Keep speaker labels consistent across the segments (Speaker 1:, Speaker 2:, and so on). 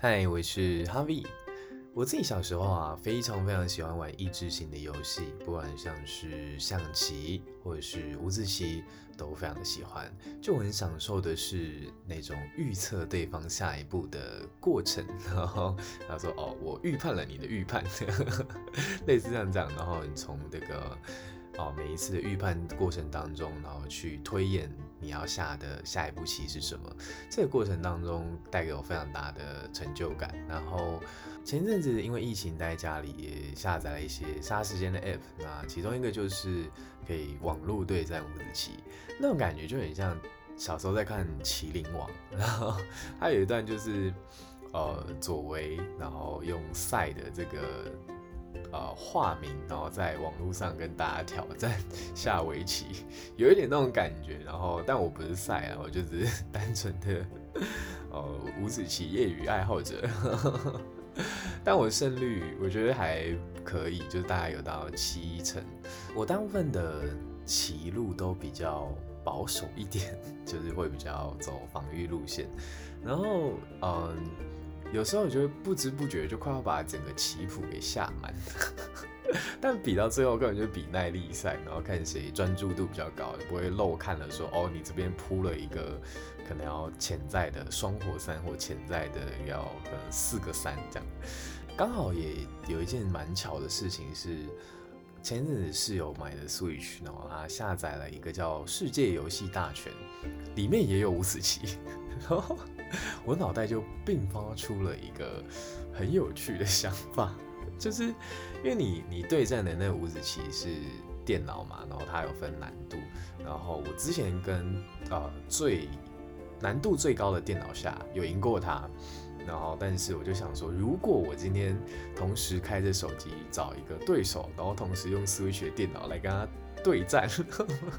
Speaker 1: 嗨，Hi, 我是 Harvie。我自己小時候啊，非常非常喜歡玩益智型的遊戲，不管像是象棋或者是五子棋，都非常的喜歡。就很享受的是那種預測對方下一步的過程，然後他說：“哦，我預判了你的預判。 ”類似這樣講，然後你從這個。哦，每一次的預判過程當中，然後去推演你要下的下一步棋是什麼，這個過程當中帶給我非常大的成就感。然後前陣子因為疫情待在家裡也下載了一些殺時間的 app，那其中一個就是可以網路對戰五子棋，那種感覺就很像小時候在看《棋靈王》，然後它有一段就是呃佐為，然後用賽的這個。呃，化名，然後在網絡上跟大家挑戰下圍棋，有一點那種感覺。然後，但我不是賽啊，我就只是單純的呃五子棋業餘愛好者呵呵。但我勝率我覺得還可以，就是大概有到七成。我大部分的棋路都比較保守一點，就是會比較走防禦路線。然後，嗯、呃。有時候我覺得不知不覺就快要把整個棋譜給下滿，但比到最後根本就比耐力賽，然後看誰專注度比較高，不會漏看了說哦，你這邊鋪了一個可能要潛在的雙活三或潛在的要可能四個三這樣。剛好也有一件蠻巧的事情是，前陣子室友買的 Switch，然後他下載了一個叫《世界遊戲大全》，裡面也有五子棋。然後我腦袋就迸發出了一個很有趣的想法，就是因為你你對戰的那五子棋是電腦嘛，然後它有分難度，然後我之前跟呃最難度最高的電腦下有贏過它，然後但是我就想說，如果我今天同時開着手機找一個對手，然後同時用 Switch 的電腦來跟他。對戰，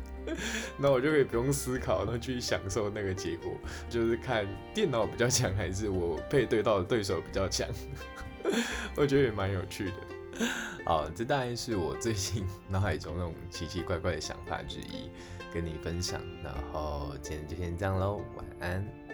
Speaker 1: 那我就可以不用思考，然後去享受那個結果，就是看電腦比較強還是我配對到的對手比較強， 我覺得也蠻有趣的。好，這大概是我最近腦海中那種奇奇怪怪的想法之一，跟你分享。然後今天就先這樣嘍，晚安。